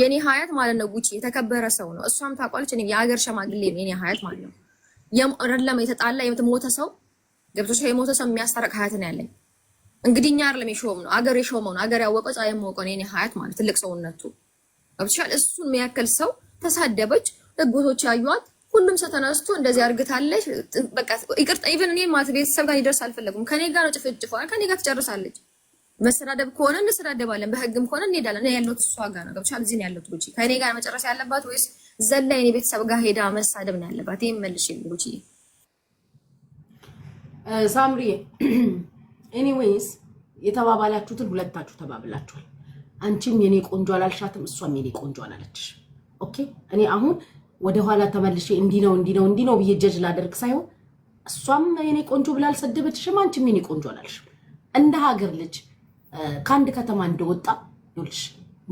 የኔ ሀያት ማለት ነው ጉቺ የተከበረ ሰው ነው። እሷም ታውቋለች። እኔ የሀገር ሸማግሌ ነው የኔ ሀያት ማለት ነው። የለም የተጣላ የሞተ ሰው ገብቶች የሞተ ሰው የሚያስታረቅ ሀያት ነው ያለኝ። እንግዲህ እኛ አይደለም የሾም ነው አገር የሾመው ነው አገር ያወቀው ፀሐይ የማወቀው ነው የኔ ሀያት ማለት ትልቅ ሰውነቱ ገብቶሻል። እሱን የሚያክል ሰው ተሳደበች። ህጎቶች ያዩዋት ሁሉም ሰው ተነስቶ እንደዚህ አርግታለች። በቃ ይቅርታ ኢቨን እኔ ማለት ቤተሰብ ጋር ይደርስ አልፈለጉም። ከኔ ጋር ነው ጭፍጭፏ። ከኔ ጋር ትጨርሳለች። መሰዳደብ ከሆነ እንሰዳደባለን፣ በህግም ከሆነ እንሄዳለን። እኔ ያለሁት እሷ ጋር ነው። ገብቻል። እዚህ ነው ያለሁት። ጉቺ ከእኔ ጋር መጨረሻ ያለባት ወይስ ዘላ የኔ ቤተሰብ ጋር ሄዳ መሳደብ ነው ያለባት? ይሄን መልሽ ጉቺ። ሳምሪ ኤኒዌይስ የተባባላችሁትን ሁለታችሁ ተባብላችኋል። አንቺም የኔ ቆንጆ አላልሻትም፣ እሷም የኔ ቆንጆ አላለች። ኦኬ እኔ አሁን ወደኋላ ተመልሼ እንዲህ ነው እንዲህ ነው እንዲህ ነው ብዬ ጀጅ ላደርግ ሳይሆን እሷም የኔ ቆንጆ ብላ አልሰደበችሽም፣ አንቺም የኔ ቆንጆ አላልሽም እንደ ሀገር ልጅ ከአንድ ከተማ እንደወጣ ይልሽ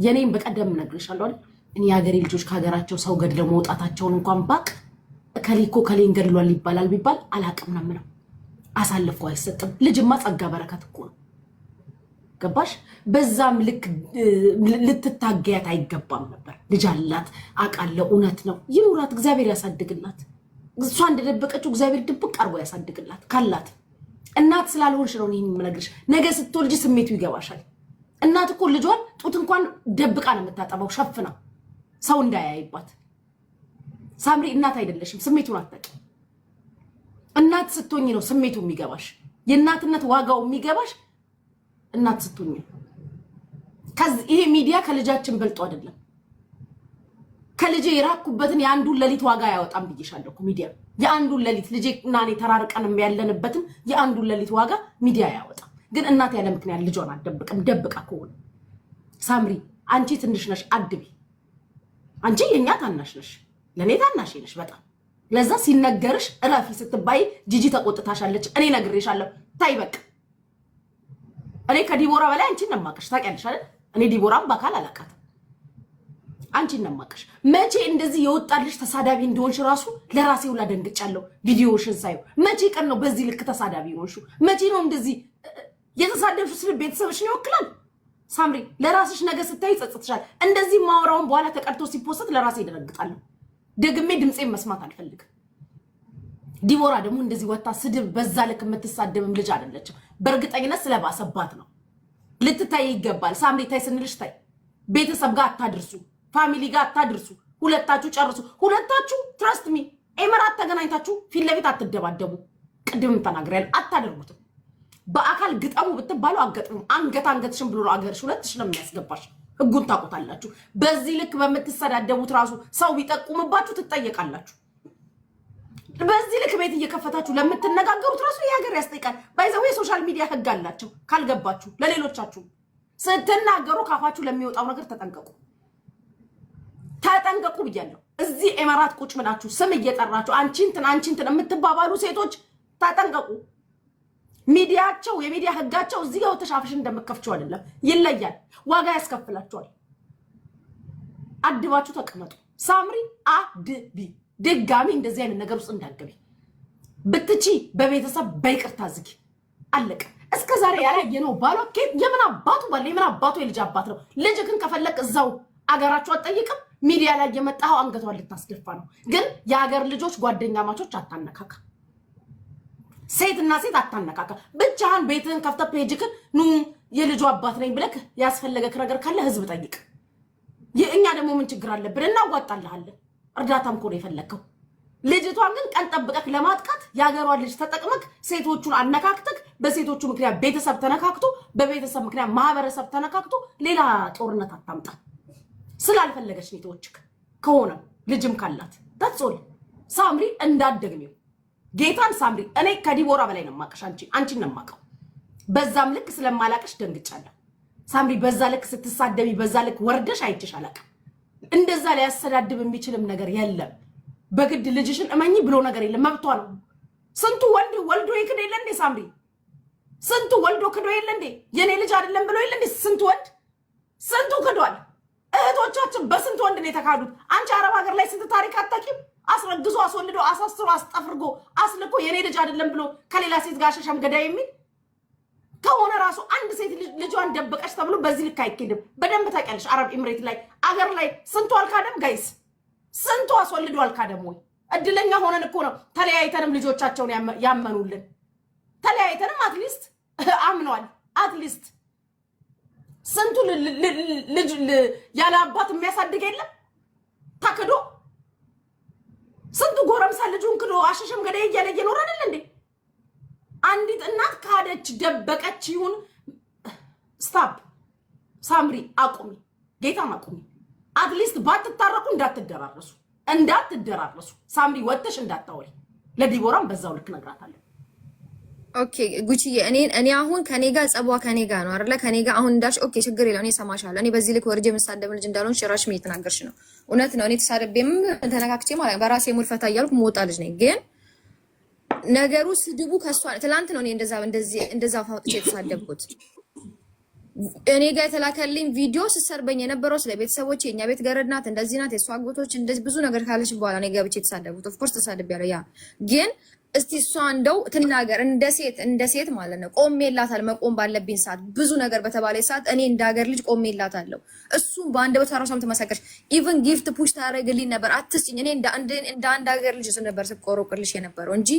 የኔም በቀደም እነግርሻለሁ አይደል እኔ የሀገሬ ልጆች ከሀገራቸው ሰው ገድለው መውጣታቸውን እንኳን ባቅ እከሌ እኮ ከሌን ገድሏል ይባላል ቢባል አላቅም ነው የምለው። አሳልፎ አይሰጥም። ልጅማ ጸጋ በረከት እኮ ነው። ገባሽ? በዛም ልክ ልትታገያት አይገባም ነበር። ልጅ አላት አውቃለሁ። እውነት ነው። ይኑራት። እግዚአብሔር ያሳድግላት። እሷ እንደደበቀችው እግዚአብሔር ድብቅ አርጎ ያሳድግላት ካላት እናት ስላልሆንሽ ነው ይህን የምነግርሽ። ነገ ስትወልጂ ስሜቱ ይገባሻል። እናት እኮ ልጇን ጡት እንኳን ደብቃ ነው የምታጠባው፣ ሸፍና ሰው እንዳያይባት። ሳምሪ እናት አይደለሽም፣ ስሜቱን አታውቂም። እናት ስትሆኝ ነው ስሜቱ የሚገባሽ። የእናትነት ዋጋው የሚገባሽ እናት ስትሆኝ ነው። ይሄ ሚዲያ ከልጃችን በልጦ አይደለም። ከልጄ የራኩበትን የአንዱን ሌሊት ዋጋ አያወጣም ብዬሻለሁ ሚዲያ የአንዱን ሌሊት ልጄ እና እኔ ተራርቀን ያለንበትን የአንዱን ሌሊት ዋጋ ሚዲያ ያወጣ። ግን እናት ያለ ምክንያት ልጇን አትደብቅም። ደብቃ ከሆነ ሳምሪ አንቺ ትንሽ ነሽ፣ አድቤ አንቺ የእኛ ታናሽ ነሽ፣ ለእኔ ታናሽ ነሽ በጣም ለዛ ሲነገርሽ እረፊ ስትባይ ጂጂ ተቆጥታሻለች። እኔ ነግሬሻለሁ፣ ታይ በቃ እኔ ከዲቦራ በላይ አንቺን ነው የማውቅሽ። ታውቂያለሽ አይደል? እኔ ዲቦራም በአካል አላውቃትም። አንቺ እናማቀሽ መቼ እንደዚህ የወጣልሽ ተሳዳቢ እንደሆንሽ ራሱ ለራሴ ውላ ደንግጫለሁ። ቪዲዮሽን ሳየው መቼ ቀን ነው በዚህ ልክ ተሳዳቢ ሆንሹ? መቼ ነው እንደዚህ የተሳደብሽ? ስል ቤተሰብሽን ይወክላል። ሳምሪ ለራስሽ ነገ ስታይ ይጸጽትሻል። እንደዚህ ማውራውን በኋላ ተቀድቶ ሲፖሰት ለራሴ ይደረግጣለሁ። ደግሜ ድምፄን መስማት አልፈልግም። ዲቦራ ደግሞ እንደዚህ ወታ ስድብ በዛ ልክ የምትሳደብም ልጅ አይደለችም። በእርግጠኝነት ስለባሰባት ነው። ልትታይ ይገባል። ሳምሪ ታይ ስንልሽ ታይ ቤተሰብ ጋር አታድርሱ። ፋሚሊ ጋር አታድርሱ። ሁለታችሁ ጨርሱ። ሁለታችሁ ትረስት ሚ ኤመራት ተገናኝታችሁ ፊት ለፊት አትደባደቡ። ቅድምም ተናግሬያለሁ። አታደርጉትም። በአካል ግጠሙ ብትባለው አገጥሙ። አንገት አንገትሽን ብሎ አገርሽ ሁለትሽ ነው የሚያስገባሽ። ህጉን ታውቁታላችሁ። በዚህ ልክ በምትሰዳደቡት ራሱ ሰው ቢጠቁምባችሁ ትጠየቃላችሁ። በዚህ ልክ ቤት እየከፈታችሁ ለምትነጋገሩት ራሱ ይህ ሀገር ያስጠይቃል። ባይዘው የሶሻል ሚዲያ ህግ አላቸው። ካልገባችሁ ለሌሎቻችሁ ስትናገሩ ካፋችሁ ለሚወጣው ነገር ተጠንቀቁ። ተጠንቀቁ ብያለሁ። እዚህ ኤማራት ቁጭ ብላችሁ ስም እየጠራችሁ አንቺንትን አንቺንትን የምትባባሉ ሴቶች ተጠንቀቁ። ሚዲያቸው የሚዲያ ህጋቸው እዚህ ጋር ተሻፍሽን እንደምከፍችው አይደለም፣ ይለያል፣ ዋጋ ያስከፍላችኋል። አድባችሁ ተቀመጡ። ሳምሪ አድቢ፣ ድጋሚ እንደዚህ አይነት ነገር ውስጥ እንዳትገቢ። ብትቺ በቤተሰብ በይቅርታ ዝጊ፣ አለቀ። እስከ ዛሬ ያላየነው ባሏ የምን አባቱ ባለ የምን አባቱ የልጅ አባት ነው። ልጅ ግን ከፈለግ እዛው አገራችሁ አትጠይቅም ሚዲያ ላይ የመጣኸው አንገቷን ልታስደፋ ነው። ግን የሀገር ልጆች ጓደኛ ማቾች አታነካካ፣ እና ሴት አታነካካ። ብቻህን ቤትህን ከፍተህ ፔጅክን ኑ የልጁ አባት ነኝ ብለህ ያስፈለገክ ነገር ካለ ህዝብ ጠይቅ። እኛ ደግሞ ምን ችግር አለብን? እናዋጣልሃለን። እርዳታም እኮ ነው የፈለግከው። ልጅቷን ግን ቀን ጠብቀክ ለማጥቃት የሀገሯን ልጅ ተጠቅመክ ሴቶቹን አነካክተክ በሴቶቹ ምክንያት ቤተሰብ ተነካክቶ፣ በቤተሰብ ምክንያት ማህበረሰብ ተነካክቶ ሌላ ጦርነት አታምጣ። ስላልፈለገች ነው የተወችክ ከሆነ ልጅም ካላት ታጾል ሳምሪ እንዳደግሚው ጌታን ሳምሪ እኔ ከዲቦራ በላይ ነው ማቀሽ። አንቺ አንቺን ነው ማቀው። በዛም ልክ ስለማላቀሽ ደንግጫለሁ ሳምሪ። በዛ ልክ ስትሳደቢ፣ በዛ ልክ ወርደሽ አይችሽ አላቅም። እንደዛ ሊያሰዳድብ የሚችልም ነገር የለም። በግድ ልጅሽን እመኝ ብሎ ነገር የለም። መብቷ ነው። ስንቱ ወንድ ወልዶ ይክዶ የለ እንዴ ሳምሪ? ስንቱ ወልዶ ክዶ የለ እንዴ? የኔ ልጅ አይደለም ብሎ የለ እንዴ? ስንቱ ወንድ ስንቱ ክዷል። እህቶቻችን በስንት ወንድ ነው የተካዱት? አንቺ አረብ ሀገር ላይ ስንት ታሪክ አታውቂም? አስረግዞ አስወልዶ አሳስሮ አስጠፍርጎ አስልኮ የኔ ልጅ አይደለም ብሎ ከሌላ ሴት ጋር ሸሸም ገዳ የሚል ከሆነ ራሱ አንድ ሴት ልጇን ደበቀች ተብሎ በዚህ ልክ አይኬድም። በደንብ ታውቂያለሽ። አረብ ኤምሬት ላይ አገር ላይ ስንቱ አልካደም? ጋይስ ስንቱ አስወልዶ አልካደም ወይ? እድለኛ ሆነን እኮ ነው ተለያይተንም ልጆቻቸውን ያመኑልን። ተለያይተንም አትሊስት አምነዋል አትሊስት ስንቱ ልጅ ያለ አባት የሚያሳድግ የለም ታክዶ ስንቱ ጎረምሳ ልጁን ክዶ አሸሸም ገዳይ እያለ እየኖረ አይደል እንዴ? አንዲት እናት ካደች፣ ደበቀች። ይሁን ስታፕ ሳምሪ አቁሚ፣ ጌታም አቁሚ። አትሊስት ባትታረቁ እንዳትደራረሱ እንዳትደራረሱ። ሳምሪ ወጥተሽ እንዳታወሪ። ለዲቦራም በዛው ልክ ነግራታለሁ። ኦኬ ጉቺዬ፣ እኔ እኔ አሁን ከኔ ጋር ጸቧ ከኔ ጋር ነው አይደለ? ከኔ ጋር አሁን እንዳልሽ ኦኬ፣ ችግር የለው እኔ ሰማሻለሁ። እኔ በዚህ ልክ ወርጄ የምሳደብ ልጅ እንዳልሆን ሽራሽ እየተናገርሽ ነው። እውነት ነው። እኔ ተሳደቤም ተነካክቼ ማለት በራሴ ሙድ ፈታ እያልኩ መወጣ ልጅ ነኝ። ግን ነገሩ ስድቡ ከሷ ትላንት ነው። እኔ እንደዛ እንደዚህ እንደዛ ፋውጥቼ የተሳደብኩት እኔ ጋር የተላከልኝ ቪዲዮ ስሰርበኝ የነበረው ስለ ቤተሰቦች የእኛ ቤት ገረድ እንደዚህ ናት፣ አጎቶች እንደዚህ ብዙ ነገር ካለች በኋላ እኔ ገብቼ ኦፍኮርስ ያ ግን እስቲ እሷ እንደው ትናገር እንደ ሴት እንደ ሴት ማለት ነው። ቆሜላታል መቆም ባለብኝ ሰዓት ብዙ ነገር በተባለ ሰዓት እኔ እንደ ሀገር ልጅ ቆሜላታለሁ። እሱም በአንድ በተራ ራሷም ትመሰከርሽ። ኢቨን ጊፍት ፑሽ ታደረግልኝ ነበር አትስጭኝ። እኔ እንደ አንድ ሀገር ልጅ ነበር ስቆሮቅልሽ የነበረው እንጂ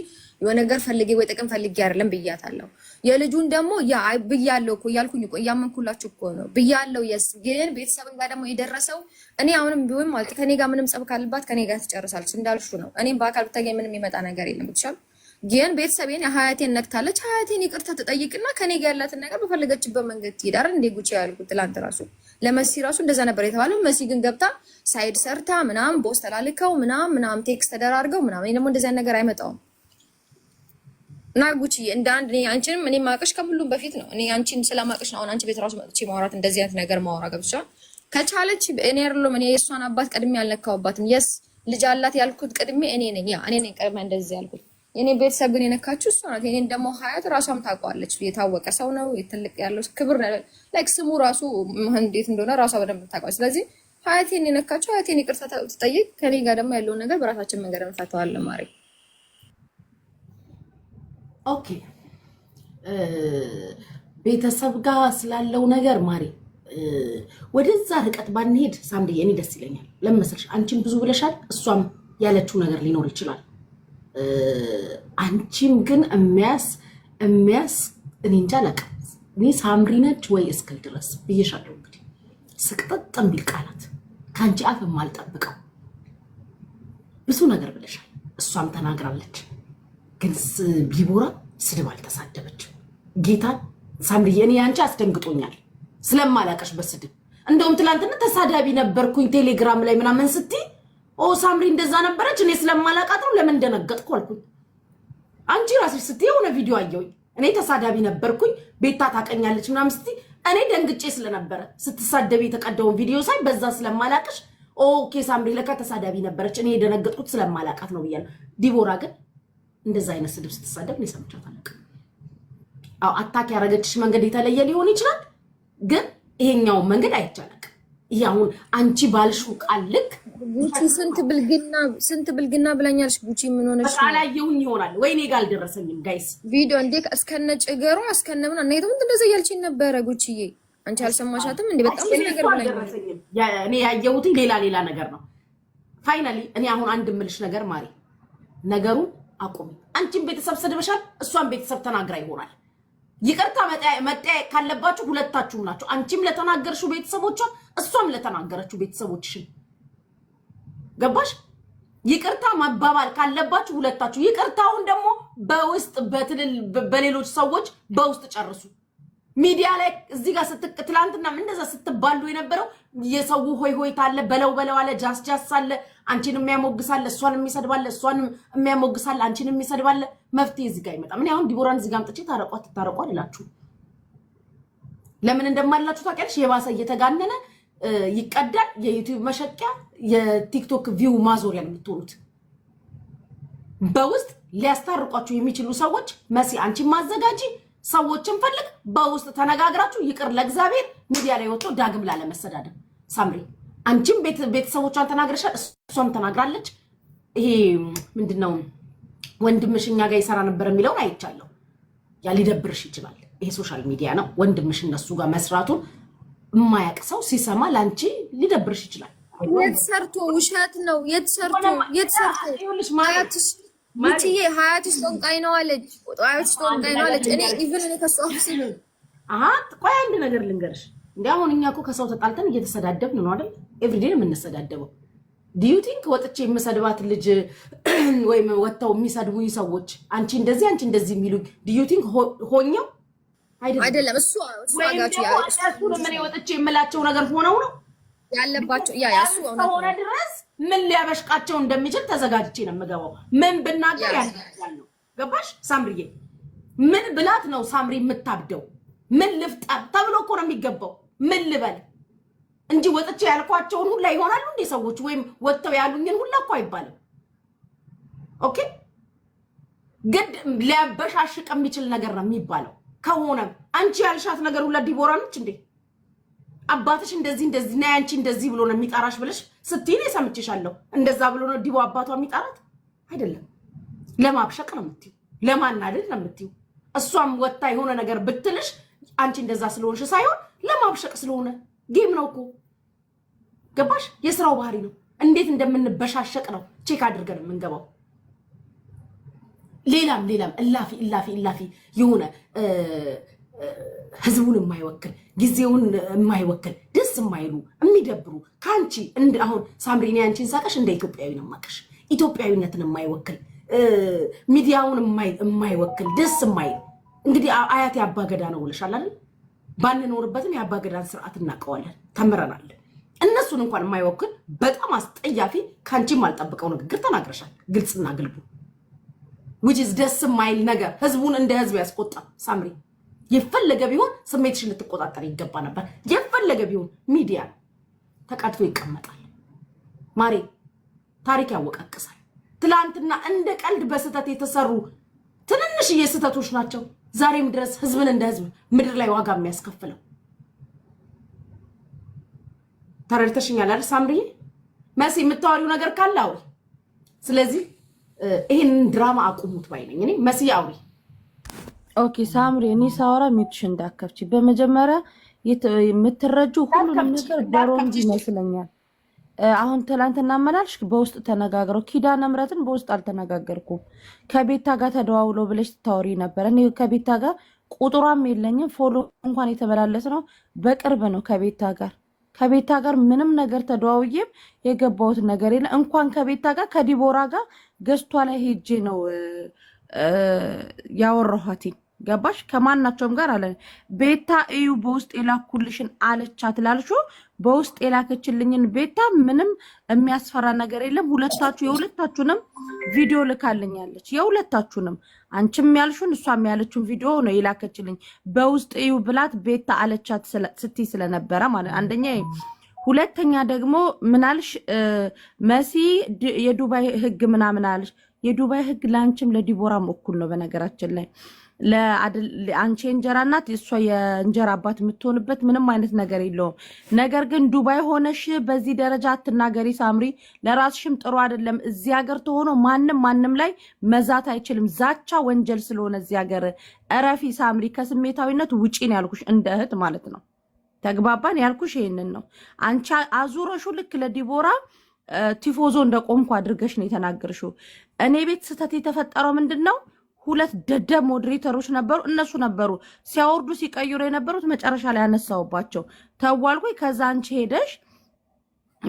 የሆነ ነገር ፈልጌ ወይ ጥቅም ፈልጌ አይደለም ብያታለሁ። የልጁን ደግሞ ያ ብያለው እኮ እያልኩኝ እኮ እያመንኩላችሁ እኮ ነው ብያለው። የስ ግን ቤተሰብን ጋር ደግሞ የደረሰው እኔ አሁንም ቢሆን ማለት ከኔ ጋር ምንም ጸብ ካለባት ከኔ ጋር ትጨርሳለች እንዳልሹ ነው። እኔም በአካል ብታገኝ ምንም ይመጣ ነገር የለም ብቻል ግን ቤተሰቤን ሀያቴን ነክታለች። ሀያቴን ይቅርታ ትጠይቅና ከኔ ጋር ያላትን ነገር በፈለገችበት መንገድ ትሄድ። እንዴ ጉቺ ያልኩ ትላንት ራሱ ለመሲ ራሱ እንደዛ ነበር የተባለው። መሲ ግን ገብታ ሳይድ ሰርታ ምናም ቦስ ተላልከው ምናም ምናምን ቴክስ ተደራርገው ምናም ደግሞ እንደዚያን ነገር አይመጣውም እና ጉቺ እንደ አንድ እኔ አንቺንም እኔ ማቀሽ ከሁሉም በፊት ነው። እኔ አንቺን ስለማቀሽ ነው። አሁን አንቺ ቤት ራሱ መጥቼ ማውራት እንደዚህ አይነት ነገር ማውራ ገብቻ ከቻለች እኔ አይደለም እኔ የእሷን አባት ቀድሜ አልነካውባትም። የስ ልጅ አላት ያልኩት ቅድሜ እኔ ነኝ። ያ እኔ ነኝ ቀድሜ እንደዚህ ያልኩት። የኔ ቤተሰብ ግን የነካችው እሷ ናት። የኔን ደግሞ ሀያት ራሷም ታውቀዋለች። የታወቀ ሰው ነው የትልቅ ያለው ክብር ላይክ ስሙ ራሱ እንዴት እንደሆነ ራሷ በደንብ ታውቀዋለች። ስለዚህ ሀያቴን የነካችው ሀያቴን ይቅርታ ትጠይቅ። ከኔ ጋር ደግሞ ያለውን ነገር በራሳችን መንገድ እንፈተዋለን ማለት ኦኬ ቤተሰብ ጋር ስላለው ነገር ማሪ ወደዛ ርቀት ባንሄድ ሳምድዬ፣ እኔ ደስ ይለኛል። ለምን አንቺም ብዙ ብለሻል፣ እሷም ያለችው ነገር ሊኖር ይችላል። አንቺም ግን እሚያስ እሚያስ እኔ እንጃ አላውቅም። እኔ ሳምሪ ነች ወይ እስክል ድረስ ብዬሻለሁ። እንግዲህ ስቅጥጥ እሚል ቃላት ከአንቺ አፍ የማልጠብቀው ብዙ ነገር ብለሻል፣ እሷም ተናግራለች። ግን ቢቦራ ስድብ አልተሳደበችም። ጌታን ሳምሪዬ፣ እኔ አንቺ አስደንግጦኛል ስለማላቀሽ በስድብ እንደውም ትላንትና ተሳዳቢ ነበርኩኝ ቴሌግራም ላይ ምናምን ስትይ ኦ ሳምሪ እንደዛ ነበረች፣ እኔ ስለማላቃት ነው ለምን ደነገጥኩ አልኩኝ። አንቺ ራስሽ ስትይ የሆነ ቪዲዮ አየውኝ እኔ ተሳዳቢ ነበርኩኝ ቤታ ታቀኛለች ምናምን ስትይ እኔ ደንግጬ ስለነበረ ስትሳደብ የተቀደውን ቪዲዮ ሳይ በዛ ስለማላቀሽ ኬ ሳምሪ ለካ ተሳዳቢ ነበረች፣ እኔ የደነገጥኩት ስለማላቃት ነው ብያለሁ። ዲቦራ ግን እንደዛ አይነት ስድብ ስትሳደብ እኔ ሰምቻት አላውቅም። አዎ አታክ ያደረገችሽ መንገድ የተለየ ሊሆን ይችላል፣ ግን ይሄኛውን መንገድ አይቻለቅ። ይሄ አሁን አንቺ ባልሽው ቃል ልክ ጉቺ ስንት ብልግና ስንት ብልግና ብላኛለሽ። ጉቺ ምን ሆነሽ? አላየሁኝ ይሆናል ወይ እኔ ጋር አልደረሰኝም። ጋይስ ቪዲዮ እንዴ እስከነ ጭገሯ እስከነ ምን እናይተው እንት እንደዚህ እያልሽኝ ነበረ ጉቺዬ። አንቺ አልሰማሻትም እንዴ? በጣም ብዙ ነገር ብላኛለሽ። እኔ ያየሁት ሌላ ሌላ ነገር ነው። ፋይናሊ እኔ አሁን አንድ ምልሽ ነገር ማሪ ነገሩን አቁሚ። አንቺን ቤተሰብ ስድበሻል፣ እሷን ቤተሰብ ተናግራ ይሆናል። ይቅርታ መጠያየቅ ካለባችሁ ሁለታችሁም ናቸው። አንቺም ለተናገርሽው ቤተሰቦቿን፣ እሷም ለተናገረችው ቤተሰቦችሽን። ገባሽ? ይቅርታ መባባል ካለባችሁ ሁለታችሁ። ይቅርታውን ደግሞ በውስጥ በሌሎች ሰዎች በውስጥ ጨርሱ። ሚዲያ ላይ እዚህ ጋር ስትቅ ትላንትናም እንደዛ ስትባሉ የነበረው የሰው ሆይ ሆይ አለ፣ በለው በለው አለ፣ ጃስ ጃስ አለ፣ አንቺን የሚያሞግሳለ፣ እሷን የሚሰድባለ፣ እሷን የሚያሞግሳለ፣ አንቺን የሚሰድባለ። መፍትሄ እዚህ ጋር ይመጣ። እኔ አሁን ዲቦራን እዚህ ጋር አምጥቼ ታረቋ ትታረቋ አላችሁ። ለምን እንደማላችሁ ታውቂያለሽ። የባሰ እየተጋነነ ይቀዳል። የዩቲዩብ መሸቂያ፣ የቲክቶክ ቪው ማዞሪያ የምትሆኑት። በውስጥ ሊያስታርቋችሁ የሚችሉ ሰዎች መሲ አንቺን ማዘጋጂ ሰዎችን ፈልግ፣ በውስጥ ተነጋግራችሁ ይቅር ለእግዚአብሔር ሚዲያ ላይ ወጥቶ ዳግም ላለመሰዳደብ። ሳምሪ አንቺም ቤተሰቦቿን ተናግረሻል፣ እሷም ተናግራለች። ይሄ ምንድን ነው ወንድምሽ እኛ ጋር ይሰራ ነበር የሚለውን አይቻለሁ። ያ ሊደብርሽ ይችላል። ይሄ ሶሻል ሚዲያ ነው። ወንድምሽ እነሱ ጋር መስራቱን የማያውቅ ሰው ሲሰማ ለአንቺ ሊደብርሽ ይችላል። የተሰርቶ ውሸት ነው የት ማያትሽ ሙችዬ ሀያትሽ ጦንቃይ ነው አለች። ሀያትሽ ጦንቃይ ነው አለች። እኔ ኢቭን እኔ ከሷ ስ ቆይ አንድ ነገር ልንገርሽ። እንዲ አሁን እኛ እኮ ከሰው ተጣልተን እየተሰዳደብን ነው አይደል? ኤቭሪዴ የምንሰዳደበው ዲዩቲንክ ወጥቼ የምሰድባት ልጅ ወይም ወጥተው የሚሰድቡኝ ሰዎች አንቺ እንደዚህ አንቺ እንደዚህ የሚሉኝ ዲዩቲንክ ሆኘው አይደለም። እሱ ወጥቼ የምላቸው ነገር ሆነው ነው ያለባቸው ያ ያሱ ከሆነ ድረስ ምን ሊያበሽቃቸው እንደሚችል ተዘጋጅቼ ነው የምገባው። ምን ብናገር ያለው ገባሽ? ሳምሪዬ ምን ብላት ነው ሳምሪ የምታብደው? ምን ልፍጠር ተብሎ እኮ ነው የሚገባው። ምን ልበል እንጂ ወጥቼ ያልኳቸውን ሁላ ይሆናሉ እንዴ ሰዎች? ወይም ወጥተው ያሉኝን ሁላ እኮ አይባልም። ኦኬ ግድ ሊያበሻሽቅ የሚችል ነገር ነው የሚባለው። ከሆነም አንቺ ያልሻት ነገር ሁላ ዲቦራ ነች እንዴ? አባትሽ እንደዚህ እንደዚህ ና ያንቺ እንደዚህ ብሎ ነው የሚጠራሽ ብለሽ ስትይ ነው ሰምቼሻለሁ። እንደዛ ብሎ ነው ዲቦ አባቷ የሚጠራት አይደለም። ለማብሸቅ ነው የምትይው፣ ለማናደድ ነው የምትይው። እሷም ወታ የሆነ ነገር ብትልሽ አንቺ እንደዛ ስለሆንሽ ሳይሆን ለማብሸቅ ስለሆነ ጌም ነው እኮ ገባሽ? የስራው ባህሪ ነው። እንዴት እንደምንበሻሸቅ ነው ቼክ አድርገን የምንገባው። ሌላም ሌላም እላፊ እላፊ እላፊ የሆነ ህዝቡን የማይወክል ጊዜውን የማይወክል ደስ የማይሉ የሚደብሩ ከአንቺ አሁን ሳምሪኒ አንቺን ሳቀሽ እንደ ኢትዮጵያዊ ነው ማቀሽ ኢትዮጵያዊነትን የማይወክል ሚዲያውን የማይወክል ደስ የማይል እንግዲህ አያት የአባገዳ ነው ብለሻል አይደል? ባንኖርበትም የአባገዳን ስርዓት እናውቀዋለን፣ ተምረናል። እነሱን እንኳን የማይወክል በጣም አስጠያፊ ከአንቺም አልጠብቀው ንግግር ተናግረሻል። ግልጽና ግልቡ ዊችዝ ደስ የማይል ነገር ህዝቡን እንደ ህዝብ ያስቆጣ ሳምሪ የፈለገ ቢሆን ስሜትሽን ልትቆጣጠር ይገባ ነበር። የፈለገ ቢሆን ሚዲያ ተቀድቶ ይቀመጣል። ማሬ ታሪክ ያወቃቅሳል። ትላንትና እንደ ቀልድ በስህተት የተሰሩ ትንንሽዬ ስህተቶች ናቸው ዛሬም ድረስ ህዝብን እንደ ህዝብ ምድር ላይ ዋጋ የሚያስከፍለው። ተረድተሽኛል አይደል ሳምሪዬ? መሲ የምታወሪው ነገር ካለ አውሪ። ስለዚህ ይሄንን ድራማ አቁሙት ባይ ነኝ እኔ መሲ አውሪ ኦኬ ሳምሪ፣ እኔ ሳወራ ሚትሽ እንዳከፍች በመጀመሪያ የምትረጁ ሁሉንም ነገር በሮም ይመስለኛል። አሁን ትላንትና መላልሽ በውስጥ ተነጋግረው ኪዳነ ምሕረትን በውስጥ አልተነጋገርኩም። ከቤታ ጋር ተደዋውሎ ብለሽ ታወሪ ነበረ። እኔ ከቤታ ጋር ቁጥሯም የለኝም። ፎሎ እንኳን የተመላለስ ነው በቅርብ ነው ከቤታ ጋር ከቤታ ጋር ምንም ነገር ተደዋውዬም የገባሁት ነገር የለ። እንኳን ከቤታ ጋር ከዲቦራ ጋር ገዝቷ ላይ ሄጄ ነው ያወራኋትኝ ገባሽ? ከማናቸውም ጋር አለ ቤታ እዩ በውስጥ የላኩልሽን አለቻት ላልሹ በውስጥ የላከችልኝን ቤታ ምንም የሚያስፈራ ነገር የለም። ሁለታችሁ የሁለታችሁንም ቪዲዮ ልካልኛለች። የሁለታችሁንም አንቺም ያልሹን እሷም ያለችውን ቪዲዮ ነው የላከችልኝ። በውስጥ እዩ ብላት ቤታ አለቻት ስቲ ስለነበረ ማለት አንደኛ ሁለተኛ ደግሞ ምናልሽ መሲ የዱባይ ህግ ምናምን አልሽ። የዱባይ ህግ ለአንቺም ለዲቦራም እኩል ነው በነገራችን ላይ አንቺ እንጀራ እናት እሷ የእንጀራ አባት የምትሆንበት ምንም አይነት ነገር የለውም። ነገር ግን ዱባይ ሆነሽ በዚህ ደረጃ አትናገሪ ሳምሪ፣ ለራስሽም ጥሩ አይደለም። እዚህ ሀገር ተሆኖ ማንም ማንም ላይ መዛት አይችልም። ዛቻ ወንጀል ስለሆነ እዚህ ሀገር እረፊ ሳምሪ፣ ከስሜታዊነት ውጪ ነው ያልኩሽ፣ እንደ እህት ማለት ነው። ተግባባን? ያልኩሽ ይህንን ነው። አንቺ አዙረሹ ልክ ለዲቦራ ቲፎዞ እንደቆምኩ አድርገሽ ነው የተናገርሽው። እኔ ቤት ስህተት የተፈጠረው ምንድን ነው? ሁለት ደደብ ሞዴሬተሮች ነበሩ። እነሱ ነበሩ ሲያወርዱ ሲቀይሩ የነበሩት። መጨረሻ ላይ ያነሳውባቸው ተዋልኩኝ። ከዛ አንቺ ሄደሽ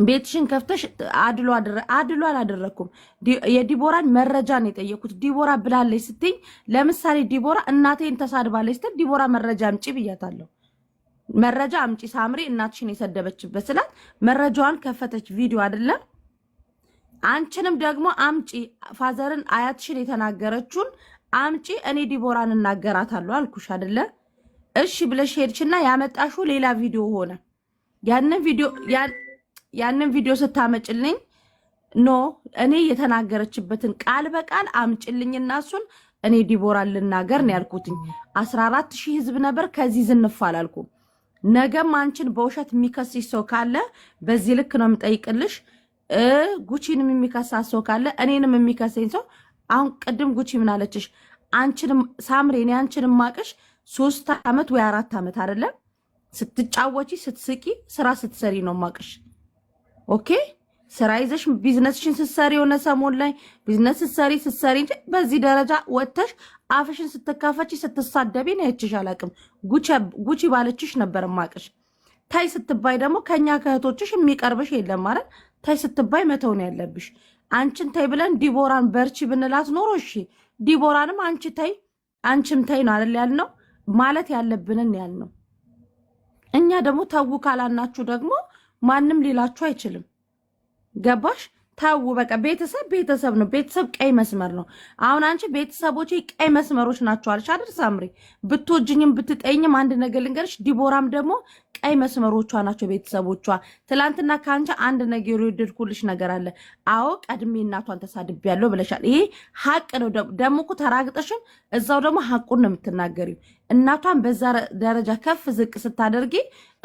ቤትሽን ከፍተሽ አድሎ አድሎ አላደረግኩም። የዲቦራን መረጃ ነው የጠየኩት። ዲቦራ ብላለች ስትኝ፣ ለምሳሌ ዲቦራ እናቴን ተሳድባለች ስትል ዲቦራ መረጃ አምጪ ብያታለሁ። መረጃ አምጪ ሳምሪ እናትሽን የሰደበችበት ስላት መረጃዋን ከፈተች። ቪዲዮ አይደለም አንቺንም ደግሞ አምጪ ፋዘርን አያትሽን የተናገረችውን አምጪ እኔ ዲቦራን እናገራታለሁ አልኩሽ አደለ? እሺ ብለሽ ሄድችና ያመጣሹ ሌላ ቪዲዮ ሆነ። ያንን ቪዲዮ ስታመጭልኝ ኖ እኔ የተናገረችበትን ቃል በቃል አምጭልኝ እሱን እኔ ዲቦራን ልናገር ነው ያልኩትኝ። አስራ አራት ሺህ ህዝብ ነበር ከዚህ ዝንፍ አላልኩም። ነገም አንቺን በውሸት የሚከስሽ ሰው ካለ በዚህ ልክ ነው የምጠይቅልሽ። ጉቺንም የሚከሳ ሰው ካለ እኔንም የሚከሰኝ ሰው አሁን ቅድም ጉቺ ምናለችሽ? አንቺንም ሳምሬ እኔ አንቺንም ማቅሽ ሶስት ዓመት ወይ አራት ዓመት አይደለም ስትጫወቺ ስትስቂ ስራ ስትሰሪ ነው ማቅሽ። ኦኬ ስራ ይዘሽ ቢዝነስሽን ስትሰሪ የሆነ ሰሞን ላይ ቢዝነስ ስትሰሪ ስትሰሪ እንጂ በዚህ ደረጃ ወጥተሽ አፍሽን ስትካፈች ስትሳደቢ ነው ያችሽ አላቅም። ጉቺ ባለችሽ ነበር ማቅሽ። ታይ ስትባይ ደግሞ ከኛ ከእህቶችሽ የሚቀርብሽ የለም ማለት ታይ ስትባይ መተውን ያለብሽ። አንቺን ተይ ብለን ዲቦራን በርቺ ብንላት ኖሮ እሺ፣ ዲቦራንም አንቺ ተይ አንቺም ተይ ነው አይደል ያልነው፣ ማለት ያለብንን ያልነው። እኛ ደግሞ ተው ካላናችሁ ደግሞ ማንም ሊላችሁ አይችልም። ገባሽ? ተው በቃ። ቤተሰብ ቤተሰብ ነው። ቤተሰብ ቀይ መስመር ነው። አሁን አንቺ ቤተሰቦቼ ቀይ መስመሮች ናቸው አልሽ አይደል ሳምሪ? ብትወጅኝም ብትጠይኝም አንድ ነገር ልንገርሽ፣ ዲቦራም ደግሞ ቀይ መስመሮቿ ናቸው ቤተሰቦቿ። ትላንትና ከአንቺ አንድ ነገር የወደድኩልሽ ነገር አለ። አዎ ቀድሜ እናቷን ያለው ብለሻል። ይሄ ሀቅ ነው። ደግሞ እኮ ተራግጠሽም እዛው ደግሞ ሀቁን ነው የምትናገሪው። እናቷን በዛ ደረጃ ከፍ ዝቅ ስታደርጊ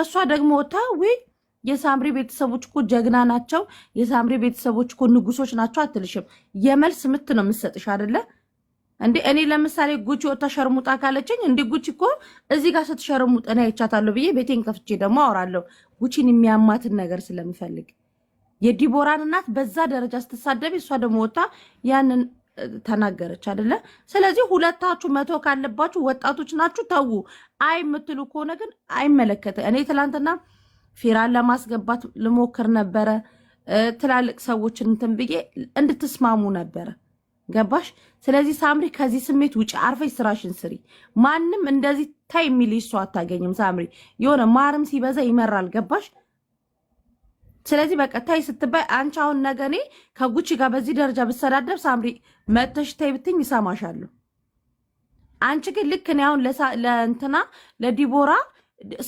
እሷ ደግሞ ወታ የሳምሪ ቤተሰቦች እኮ ጀግና ናቸው፣ የሳምሪ ቤተሰቦች እኮ ንጉሶች ናቸው አትልሽም። የመልስ ምት ነው የምትሰጥሽ አይደለ? እንዴ እኔ ለምሳሌ ጉቺ ወጥታ ሸርሙጣ ካለችኝ፣ እንዴ ጉቺ እኮ እዚህ ጋር ስትሸርሙጥ እኔ አይቻታለሁ ብዬ ቤቴን ከፍቼ ደግሞ አወራለሁ። ጉቺን የሚያማትን ነገር ስለምፈልግ የዲቦራን እናት በዛ ደረጃ ስትሳደብ፣ እሷ ደግሞ ወጥታ ያንን ተናገረች አይደለ? ስለዚህ ሁለታችሁ መቶ ካለባችሁ ወጣቶች ናችሁ፣ ተዉ። አይ የምትሉ ከሆነ ግን አይመለከተ። እኔ ትላንትና ፊራን ለማስገባት ልሞክር ነበረ ትላልቅ ሰዎችን እንትን ብዬ እንድትስማሙ ነበረ ገባሽ? ስለዚህ ሳምሪ ከዚህ ስሜት ውጭ አርፈሽ ስራሽን ስሪ። ማንም እንደዚህ ታይ የሚል ሰው አታገኝም። ሳምሪ የሆነ ማርም ሲበዛ ይመራል። ገባሽ? ስለዚህ በቃ ታይ ስትባይ አንቺ አሁን ነገ እኔ ከጉቺ ጋር በዚህ ደረጃ ብሰዳደብ ሳምሪ መጥተሽ ታይ ብትኝ ይሰማሻሉ። አንቺ ግን ልክ እኔ አሁን ለእንትና ለዲቦራ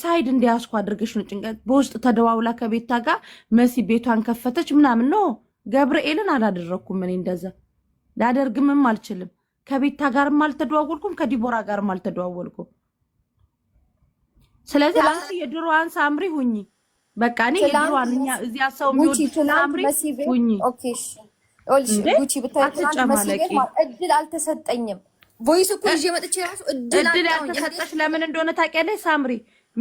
ሳይድ እንዲያስኩ አድርገሽ ነው ጭንቀት በውስጥ ተደዋውላ ከቤታ ጋር መሲ ቤቷን ከፈተች ምናምን ነው። ገብርኤልን አላደረግኩም እኔ እንደዛ ላደርግምም አልችልም። ከቤታ ጋርም አልተደዋወልኩም፣ ከዲቦራ ጋርም አልተደዋወልኩም። ስለዚህ አንቺ የድሮዋን ሳምሪ ሁኚ። በቃ እኔ የድሮዋን እኛ እዚያ ሰው የሚወድ ሳምሪ ሁኚ። ጉቺ ብታጨማለቂ እድል አልተሰጠኝም። ቮይስ እኮ ይዤ መጥቼ ራሱ እድል አልተሰጠሽ። ለምን እንደሆነ ታውቂያለሽ ሳምሪ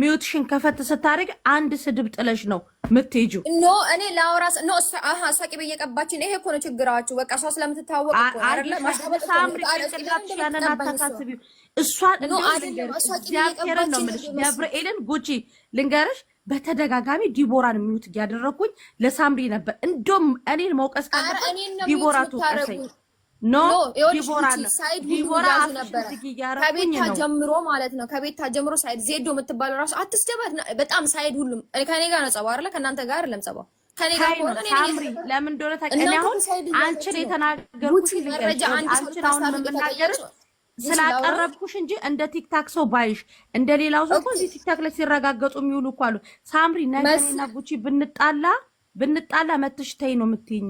ሚዩትሽን ከፈት ስታደርግ አንድ ስድብ ጥለሽ ነው ምትጁ። ኖ እኔ ላውራ ኖ ሳቂ በየቀባችን ይሄ እኮ ነው ችግራችሁ። በቃ እሷ ስለምትታወቅ ሳምሪጭንቅላትሽያንን አታሳስቢ። እሷን እግዚአብሔርን ነው የምልሽ። ገብርኤልን ጉቺ ልንገርሽ፣ በተደጋጋሚ ዲቦራን ሚዩት እያደረግኩኝ ለሳምሪ ነበር። እንደውም እኔን መውቀስ ካለ ዲቦራ ትውቀሰኝ ኖ ሳይድ ከቤታ ጀምሮ ማለት ነው። ከቤታ ጀምሮ ሳይድ ዜዶ የምትባለው ራሱ አትስጀባት። በጣም ሳይድ ሁሉም ከኔ ጋር ነው ጸባው አይደለ? ከእናንተ ጋር አይደለም ጸባው ከኔ ጋር ሆኖ ሳምሪ ለምን እንደሆነ ታውቂያለሽ። አሁን አንቺን የተናገርኩሽ መረጃ አንቺን አሁን የምናገርሽ ስላቀረብኩሽ እንጂ እንደ ቲክታክ ሰው ባይሽ እንደ ሌላው ሰው እኮ እዚህ ቲክታክ ላይ ሲረጋገጡ የሚውሉ እኮ አሉ። ሳምሪ ነገ እኔና ጉቺ ብንጣላ ብንጣላ መትሽ ተይ ነው የምትይኝ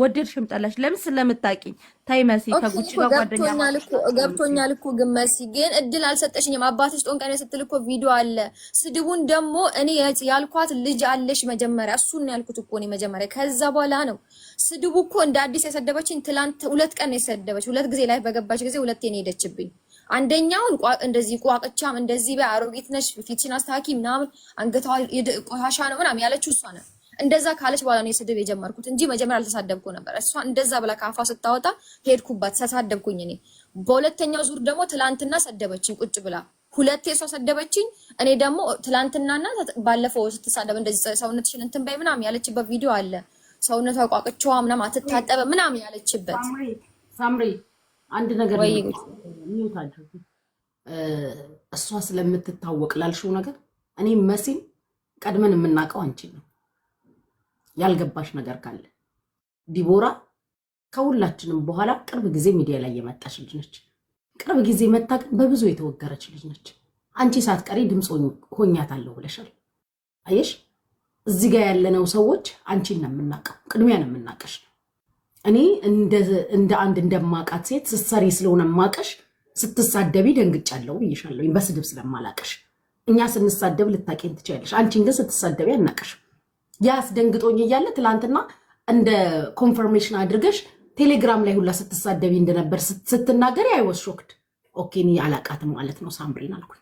ወደድሽም ጠላሽ፣ ለምን ስለምታውቂኝ። ታይ መሲ ከጉቺ ጋር ጓደኛ ገብቶኛል እኮ ግን መሲ ግን እድል አልሰጠሽኝም። አባትሽ ጦንቀኔ ስትል እኮ ቪዲዮ አለ። ስድቡን ደግሞ እኔ ያልኳት ልጅ አለሽ መጀመሪያ፣ እሱን ያልኩት እኮ እኔ መጀመሪያ። ከዛ በኋላ ነው ስድቡ እኮ እንደ አዲስ የሰደበችኝ። ትላንት ሁለት ቀን ነው የሰደበች። ሁለት ጊዜ ላይ በገባች ጊዜ ሁለቴ ነው የሄደችብኝ። አንደኛውን እንደዚህ ቋቅቻም እንደዚህ በይ ነሽ ፊትሽን አስተካኪ ምናምን አንገቷ ቆሻሻ ነው ምናምን ያለችው እሷ ነው እንደዛ ካለች በኋላ ነው የስድብ የጀመርኩት እንጂ መጀመሪያ አልተሳደብኩ ነበር። እሷ እንደዛ ብላ ከአፏ ስታወጣ ሄድኩባት፣ ተሳደብኩኝ። እኔ በሁለተኛው ዙር ደግሞ ትላንትና ሰደበችኝ ቁጭ ብላ ሁለቴ እሷ ሰደበችኝ። እኔ ደግሞ ትላንትናና ባለፈው ስትሳደብ እንደዚህ ሰውነትሽን እንትን በይ ምናምን ያለችበት ቪዲዮ አለ። ሰውነቷ ቋቅቸዋ ምናምን አትታጠበ ምናምን ያለችበት ሳምሪ አንድ ነገር እሷ ስለምትታወቅ ላልሽው ነገር እኔ መሲን ቀድመን የምናውቀው አንቺ ነው ያልገባሽ ነገር ካለ ዲቦራ ከሁላችንም በኋላ ቅርብ ጊዜ ሚዲያ ላይ የመጣች ልጅ ነች። ቅርብ ጊዜ መታ ግን በብዙ የተወገረች ልጅ ነች። አንቺ ሳትቀሪ ድምፅ ሆኛታለሁ ብለሻል። አየሽ እዚህ ጋር ያለነው ሰዎች አንቺን ነው የምናውቀው፣ ቅድሚያ ነው የምናውቀሽ። እኔ እንደ አንድ እንደማቃት ሴት ስትሰሪ ስለሆነ ማቀሽ ስትሳደቢ ደንግጫለሁ ብዬሻለሁ፣ በስድብ ስለማላቀሽ። እኛ ስንሳደብ ልታቄን ትችያለሽ፣ አንቺን ግን ስትሳደቢ አናቀሽም። ያስደንግጦኝ እያለ ትላንትና እንደ ኮንፈርሜሽን አድርገሽ ቴሌግራም ላይ ሁላ ስትሳደቢ እንደነበር ስትናገር አይወስ ሾክድ ኦኬ፣ እኔ አላቃትም ማለት ነው ሳምሪን አልኩኝ።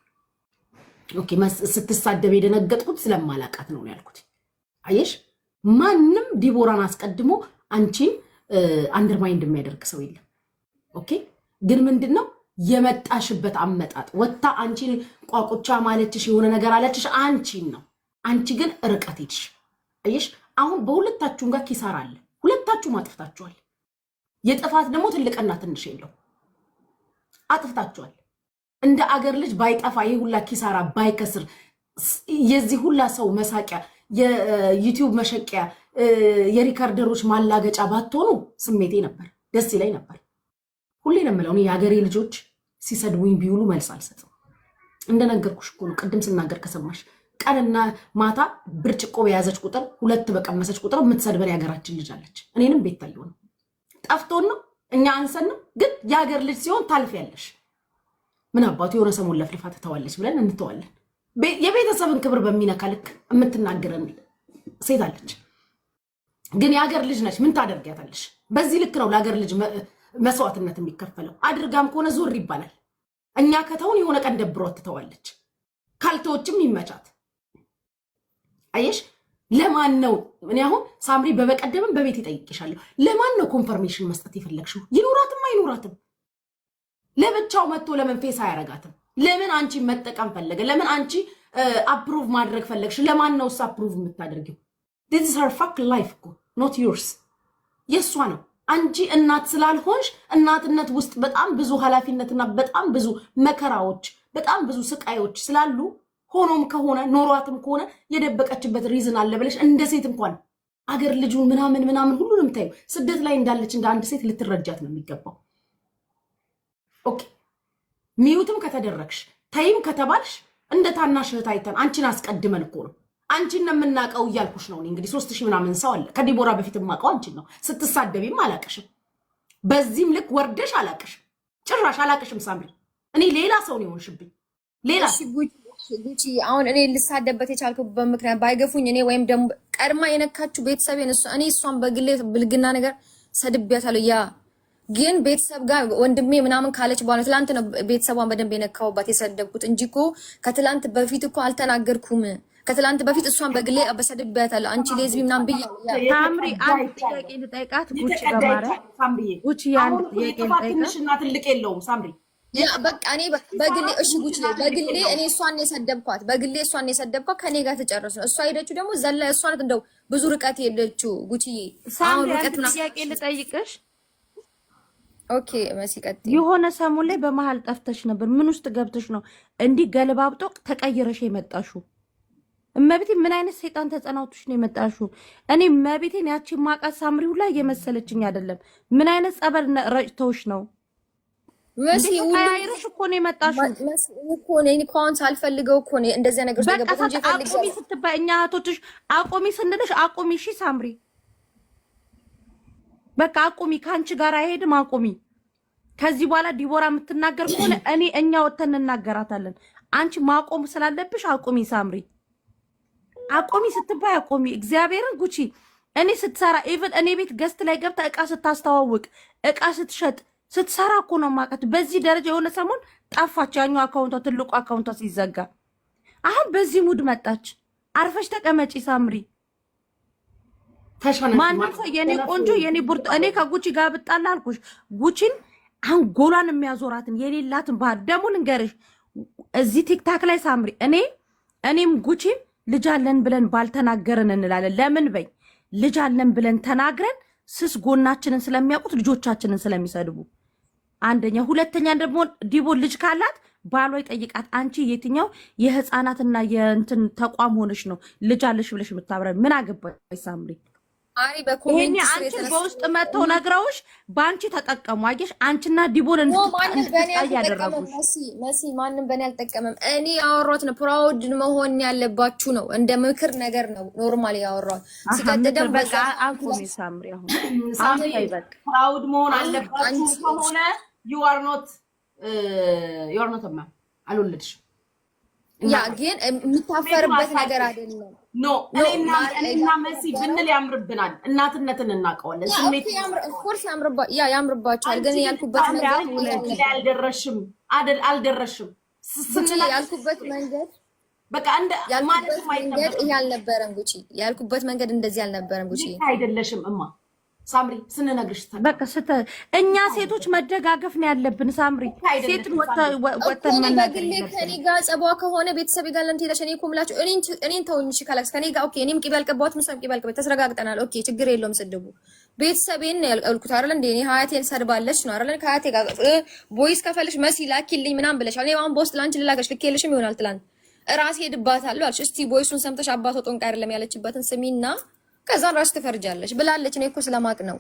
ኦኬ፣ ስትሳደብ የደነገጥኩት ስለማላቃት ነው ያልኩት። አየሽ፣ ማንም ዲቦራን አስቀድሞ አንቺን አንደርማይንድ የሚያደርግ ሰው የለም። ኦኬ፣ ግን ምንድን ነው የመጣሽበት አመጣጥ? ወታ አንቺን ቋቁቻ ማለችሽ የሆነ ነገር አለችሽ አንቺን ነው። አንቺ ግን ርቀት ሄድሽ። እይሽ አሁን በሁለታችሁም ጋር ኪሳራ አለ። ሁለታችሁም አጥፍታችኋል። የጥፋት ደግሞ ትልቅና ትንሽ የለው። አጥፍታችኋል። እንደ አገር ልጅ ባይጠፋ ይህ ሁላ ኪሳራ ባይከስር የዚህ ሁላ ሰው መሳቂያ የዩቲዩብ መሸቂያ የሪካርደሮች ማላገጫ ባትሆኑ ስሜቴ ነበር፣ ደስ ይለኝ ነበር። ሁሌ ነው የምለው፣ የሀገሬ ልጆች ሲሰድቡኝ ቢውሉ መልስ አልሰጥም። እንደነገርኩሽ እኮ ነው፣ ቅድም ስናገር ከሰማሽ ቀንና ማታ ብርጭቆ በያዘች ቁጥር ሁለት በቀመሰች ቁጥር የምትሰድበን የሀገራችን ልጅ አለች። እኔንም ቤታየሁ ነው። ጠፍቶን ነው እኛ አንሰንም፣ ግን የሀገር ልጅ ሲሆን ታልፊያለሽ። ምን አባቱ የሆነ ሰሞን ለፍልፋ ትተዋለች ብለን እንተዋለን። የቤተሰብን ክብር በሚነካ ልክ የምትናገረን ሴት አለች። ግን የሀገር ልጅ ነች። ምን ታደርጊያታለሽ? በዚህ ልክ ነው ለሀገር ልጅ መስዋዕትነት የሚከፈለው። አድርጋም ከሆነ ዞር ይባላል። እኛ ከተውን የሆነ ቀን ደብሮ ትተዋለች። ካልተዎችም ይመቻት። አየሽ ለማን ነው እኔ አሁን ሳምሪ በበቀደምም በቤት ይጠይቅሻለሁ ለማን ነው ኮንፈርሜሽን መስጠት የፈለግሽው ይኖራትም አይኖራትም ለብቻው መጥቶ ለምን ፌስ አያረጋትም ለምን አንቺ መጠቀም ፈለገ ለምን አንቺ አፕሩቭ ማድረግ ፈለግሽ ለማን ነው እሱ አፕሩቭ የምታደርጊው ዲስ ሀር ፋክ ላይፍ እኮ ኖት ዩርስ የእሷ ነው አንቺ እናት ስላልሆንሽ እናትነት ውስጥ በጣም ብዙ ኃላፊነትና በጣም ብዙ መከራዎች በጣም ብዙ ስቃዮች ስላሉ ሆኖም ከሆነ ኖሯትም ከሆነ የደበቀችበት ሪዝን አለ ብለሽ እንደ ሴት እንኳን አገር ልጁን ምናምን ምናምን ሁሉንም ታዩ ስደት ላይ እንዳለች እንደ አንድ ሴት ልትረጃት ነው የሚገባው። ኦኬ ሚዩትም ከተደረግሽ ተይም ከተባልሽ እንደ ታናሽ እህት አይተን አንቺን አስቀድመን እኮ ነው አንቺን ነው የምናውቀው እያልኩሽ ነው። እንግዲህ ሶስት ሺህ ምናምን ሰው አለ ከዲቦራ በፊት የማውቀው አንቺን ነው። ስትሳደቢም አላቅሽም፣ በዚህም ልክ ወርደሽ አላቅሽም፣ ጭራሽ አላቅሽም። ሳምሪ እኔ ሌላ ሰው ነው የሆንሽብኝ ሌላ ጉቺ አሁን እኔ ልሳደበት የቻልኩበት ምክንያት ባይገፉኝ እኔ ወይም ደግሞ ቀድማ የነካችሁ ቤተሰቤን እኔ እሷን በግሌ ብልግና ነገር ሰድቤያታለሁ። ያ ግን ቤተሰብ ጋር ወንድሜ ምናምን ካለች በኋላ ትላንት ነው ቤተሰቧን በደንብ የነካውባት የሰደብኩት እንጂ እኮ ከትላንት በፊት እኮ አልተናገርኩም። ከትላንት በፊት እሷን በግሌ በሰድቤያታለሁ። አንቺ ሌዝቢ ምናምን ብያ ታምሪ አንድ ጥያቄ ልጠይቃት ጉቺ ጋር ጉቺ አንድ ጥያቄ ልጠይቃት ትንሽና ትልቅ የለውም ሳምሪ በቃ እኔ በግሌ እሺ፣ ጉቺ በግሌ እኔ እሷን የሰደብኳት በግሌ እሷን የሰደብኳት ከኔ ጋር ተጨረሱ ነው። እሷ ሄደችው ደግሞ ዘላ እሷ እንደው ብዙ ርቀት የለችው ጉቺዬ አሁን ርቀት ጥያቄ ልጠይቅሽ። ኦኬ መሲ ቀጥይ። የሆነ ሰሞን ላይ በመሀል ጠፍተሽ ነበር። ምን ውስጥ ገብተሽ ነው እንዲህ ገለባብጦ ተቀይረሽ የመጣሽው? እመቤቴ ምን አይነት ሰይጣን ተጸናውቶሽ ነው የመጣሽው? እኔ እመቤቴን ያቺ ማቃት ሳምሪ ሁላ እየመሰለችኝ አይደለም። ምን አይነት ጸበል ረጭተውሽ ነው? መሲ ሁሉምሽ እኮ ነው የመጣሽው እኮ ነው እኮ አሁን ሳልፈልገው እኮ ነው እንደዚያ ነገር ስለገባሁ እንጂ ፈልገው አቁሚ ስትባይ እኛ እህቶችሽ አቁሚ ስንልሽ አቁሚ እሺ ሳምሪ በቃ አቁሚ ከአንቺ ጋር አይሄድም አቁሚ ከዚህ በኋላ ዲቦራ የምትናገር ከሆነ እኔ እኛ ወተን እንናገራታለን አንቺ ማቆም ስላለብሽ አቁሚ ሳምሪ አቁሚ ስትባይ አቁሚ እግዚአብሔርን ጉቺ እኔ ስትሰራ ኢቭን እኔ ቤት ገስት ላይ ገብታ እቃ ስታስተዋውቅ እቃ ስትሸጥ ስትሰራ እኮ ነው ማቀት። በዚህ ደረጃ የሆነ ሰሞን ጠፋች ያኛው አካውንቷ ትልቁ አካውንቷ ሲዘጋ፣ አሁን በዚህ ሙድ መጣች። አርፈሽ ተቀመጪ ሳምሪ። ማንም ሰው የኔ ቆንጆ የኔ ቡርጥ እኔ ከጉቺ ጋር ብጣላ አልኩሽ። ጉቺን አንጎሏን የሚያዞራትን የሌላትን ባህል ደግሞ ልንገርሽ፣ እዚህ ቲክታክ ላይ ሳምሪ፣ እኔ እኔም ጉቺም ልጅ አለን ብለን ባልተናገርን እንላለን። ለምን በይ ልጅ አለን ብለን ተናግረን ስስ ጎናችንን ስለሚያውቁት ልጆቻችንን ስለሚሰድቡ አንደኛ። ሁለተኛ ደግሞ ዲቦ ልጅ ካላት ባሏ ይጠይቃት። አንቺ የትኛው የህፃናትና የእንትን ተቋም ሆነች ነው ልጅ አለሽ ብለሽ የምታብረ? ምን አገባይ ሳምሪ? ይሄኔ አንቺን በውስጥ መጥተው ነግረውሽ በአንቺ ተጠቀሙ። አየሽ፣ አንቺና ዲቦን ያደረጉሽ መሲ። ማንም በእኔ አልጠቀመም። እኔ ያወሯት ነው ፕራውድ መሆን ያለባችሁ ነው። እንደ ምክር ነገር ነው ኖርማል ያወሯት። ሲቀጥል ደግሞ በቃ አቁሚ ሳምሪ፣ አሁን ፕራውድ መሆን አለባችሁ ከሆነ ዩ አር ኖት አልወለድሽም። ያ ግን የምታፈርበት ነገር አይደለም። ኖ እኔና መሲ ብንል ያምርብናል። እናትነትን እናውቀዋለን። ስሜት ኮርስ ያምርባቸዋል። ግን ያልኩበት ነገር አልደረሽም አይደል? አልደረሽም ያልኩበት መንገድ በቃ እንደ ያልኩበት መንገድ ይሄ አልነበረም። ያልኩበት መንገድ እንደዚህ አልነበረም። ጉቺ አይደለሽም እማ ሳምሪ ስንነግርሽ በቃ ስተ እኛ ሴቶች መደጋገፍ ነው ያለብን። ሳምሪ ሴት ወተን መናገር ከኔ ጋር ጸቧ ከሆነ ቤተሰብ ጋር ለምን ትሄዳለሽ? እኔ እኮ የምላቸው እኔን ተውኝ። እሺ ካላክስ ከኔ ጋር ኦኬ፣ እኔም ቂበል አልቀባሁትም ምሳም ቂበል አልቀባችም። ተስረጋግጠናል። ኦኬ፣ ችግር የለውም። ስድቡ ቤተሰቤን ነው ያልኩት አይደል እንዴ? እኔ ሀያቴን ሰድባለች ነው አይደል? ከሀያቴ ጋር ቦይስ ከፈልሽ መሲ ላኪልኝ ምናም ብለሻል። እኔ አሁን በውስጥ ላንቺ ልላከሽ ልኬልሽም ይሆናል። ትላንት እራሴ ሄድባታለሁ አልሽ። እስቲ ቦይሱን ሰምተሽ አባቶ ጦንቃ አይደለም ያለችበትን ስሚና ከዛ ራስ ትፈርጃለች ብላለች። እኔ እኮ ስለማቅ ነው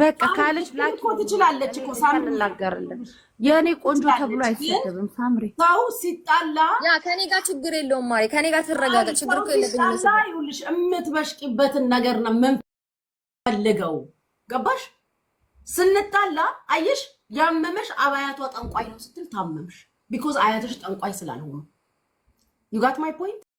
በቃ ካለች ብላችሁ እኮ ትችላለች እኮ ሳምሪ ላጋርልን የእኔ ቆንጆ ተብሎ አይሰደብም። ሳምሪ ሰው ሲጣላ ያ ከኔ ጋር ችግር የለውም ማሪ ከኔ ጋር ትረጋገጥ ችግር እኮ የለብኝም። ይኸውልሽ እምትበሽቂበትን ነገር ነው የምንፈልገው። ገባሽ? ስንጣላ አየሽ፣ ያመመሽ አባያቷ ጠንቋይ ነው ስትል ታመምሽ። ቢኮዝ አያትሽ ጠንቋይ ስላልሆኑ ዩ ጋት ማይ ፖይንት